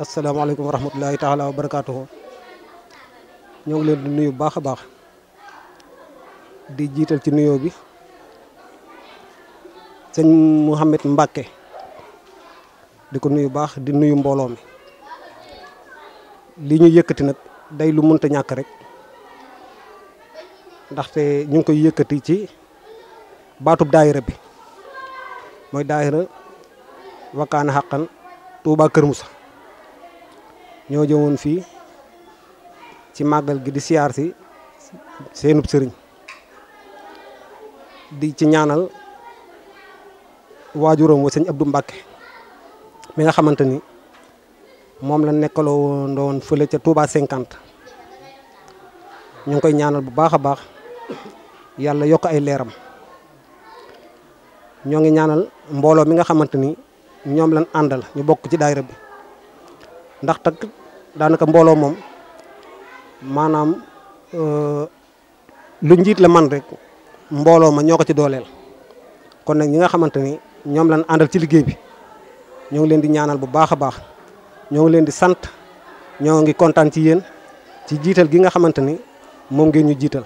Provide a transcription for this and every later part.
السلام عليكم ورحمة الله تعالى وبركاته ñoo ngi leen di nuyu baax di jiital ci nuyoo bi sëñ Mouhamed Mbacke di ko nuyu baax di nuyu mbooloom mi li ñu yëkkati nag day lu mënta ñàkk rek ndaxte ñu ngi koy yëkkati ci baatub daayira bi mooy daayira wakkaana xaqan Touba Kër Moussa ñoo jëwoon fii ci màggal gi di siyaar si seenub sëriñ di ci ñaanal wajuram wa sëñ Abdou Mbacke mi nga xamanteni mom moom la nekkaloo ndoon fële ci Touba 50 ñu koy ñaanal bu baaxa baax yalla yok ay leeram ñoo ngi ñaanal mbolo mi nga xamanteni ñom lañ andal ñu bok ci daayira bi ndax tak mbolo mom manam euh lu njit la man rek mbooloo ma ñoo ko ci dooleel kon nag ñi nga xamante ni ñoom lañ àndal ci liggéey bi ñoo ngi leen di ñaanal bu baax a baax ñoo ngi leen di sant ñoo ngi kontaan ci yéen ci jiital gi nga xamante ni moom ngeen ñu jiital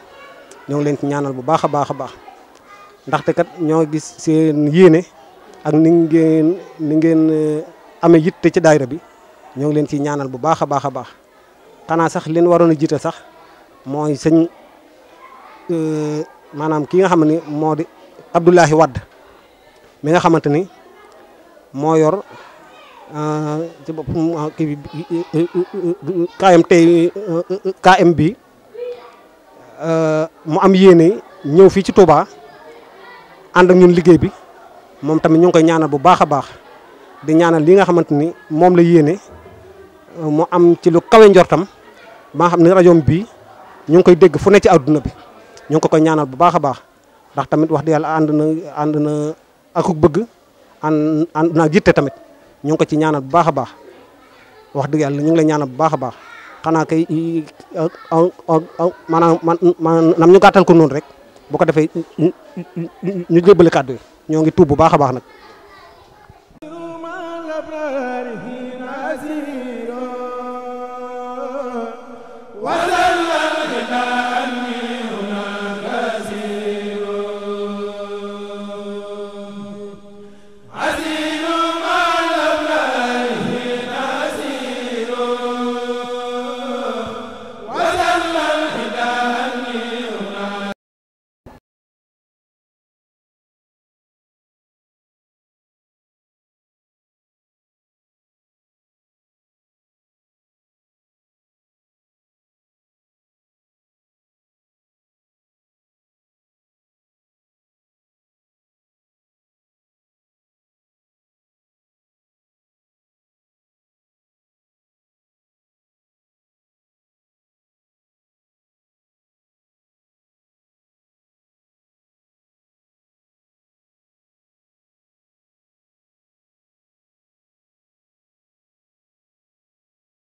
ñoo ngi leen ci ñaanal bu baax a baax a baax ndaxte kat ñoo gis seen yéene ak ni ngeen ni eh, amee yitte ci daayira bi ñoo ngi leen ciy ñaanal bu baax a baax a baax xanaa sax leen waroon a jiital sax mooy sëñ eh, maanaam ki nga xam ne moo di Abdoulahi Wadd mi nga xamante ni moo yor euh, ci bopp euh, kii KMT KM bi euh, mu am yéene ñëw fii ci Touba ànd ak ñun liggéey bi moom tamit ñu koy ñaanal bu baax a baax di ñaanal li nga xamante ni moom la yéene mu am ci lu kawe njortam ba xam ne rajoom bi ñu ngi koy dégg fu nekk ci àdduna bi. ñu ko ko ñaanal bu baaxa baax ndax tamit wax di yalla and na and na akuk bëgg and na jitté tamit ñu ko ci ñaanal bu baaxa baax wax di yalla ñu ngi lay ñaanal bu baaxa baax xana kay maanaam man nam ñu gàttal ko noon rek bu ko defee ñu jébbale kaddu ñoo ngi tuub bu baaxa baax nak